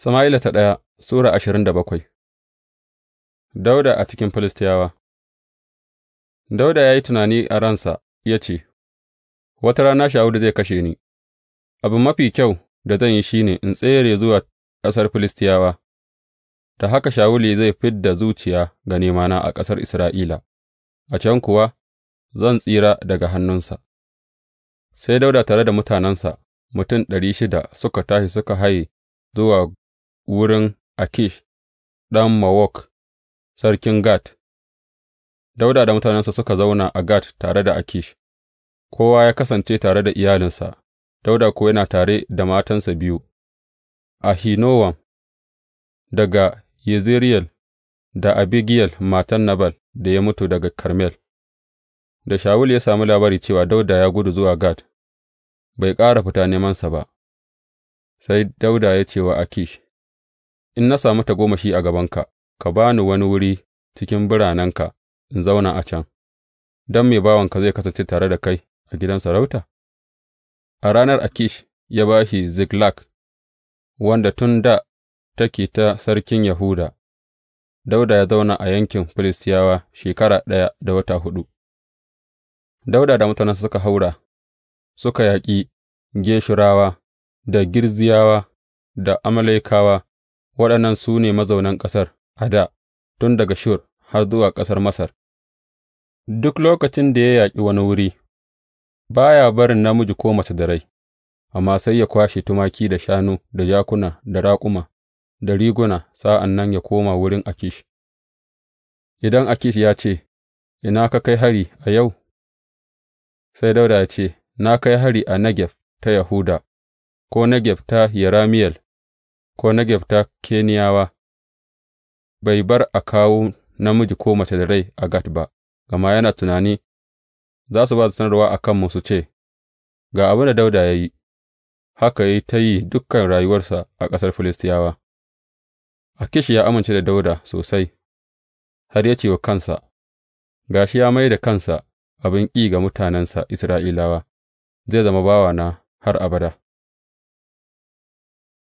Sama'ila ta ɗaya Sura ashirin da bakwai Dauda a cikin Filistiyawa Dauda ya yi tunani a ransa ya ce, Wata rana Shawulu zai kashe ni, abu mafi kyau da zan yi shi ne in tsere zuwa ƙasar Filistiyawa, da haka Shawulu zai fid da zuciya ga nemana a ƙasar Isra'ila, a can kuwa zan tsira daga hannunsa. Sai Dauda tare da mutanensa mutum ɗari shida suka tashi suka haye zuwa wurin Akish ɗan Mawok, sarkin Gat, Dauda da mutanensa suka zauna a Gat tare da Akish, kowa ya kasance tare da iyalinsa, Dauda kuwa yana tare da matansa biyu, Ahinowam daga Yezireyel da Abigiyel matan Nabal da ya mutu daga Karmel. Da shawul ya sami labari cewa Dauda ya gudu zuwa Gat, bai ƙara fita nemansa ba, sai Dauda ya ce wa Akish. in na sami tagomashi a gabanka, ka ba ni wani wuri cikin biranenka in zauna a can, don me bawanka zai kasance tare da kai a gidan sarauta? A ranar Akish ya ba shi Ziklak, wanda tun da take ta sarkin Yahuda, Dauda ya zauna a yankin Filistiyawa shekara ɗaya da wata huɗu. Dauda da mutanensa suka haura, suka yaƙi Geshurawa, da Girziyawa, da Amalekawa, Waɗannan su ne mazaunan ƙasar a dā, tun daga Shur har zuwa ƙasar Masar, duk lokacin da ya yaƙi wani wuri, ba ya barin namiji ko mace da rai, amma sai ya kwashe tumaki da shanu da jakuna da raƙuma da riguna sa'an nan ya koma wurin Akish. Idan Akish ya ce, Ina ka kai hari a yau? Sai Dauda ya ce, Na kai hari a Negeb ta Yahuda, ko Negeb ta Yerameyel, ko Negeb ta Keniyawa, bai bar a kawo namiji ko mace da rai a Gat ba, gama yana tunani za su ba da sanarwa a kanmu su ce, Ga abin da dauda ya yi, haka ya yi ta yi dukkan rayuwarsa a ƙasar Filistiyawa. Akish ya amince da Dauda sosai, har ya ce wa kansa, Ga shi ya mai da kansa abin ƙi ga mutanensa Isra'ilawa, zai zama bawana har abada.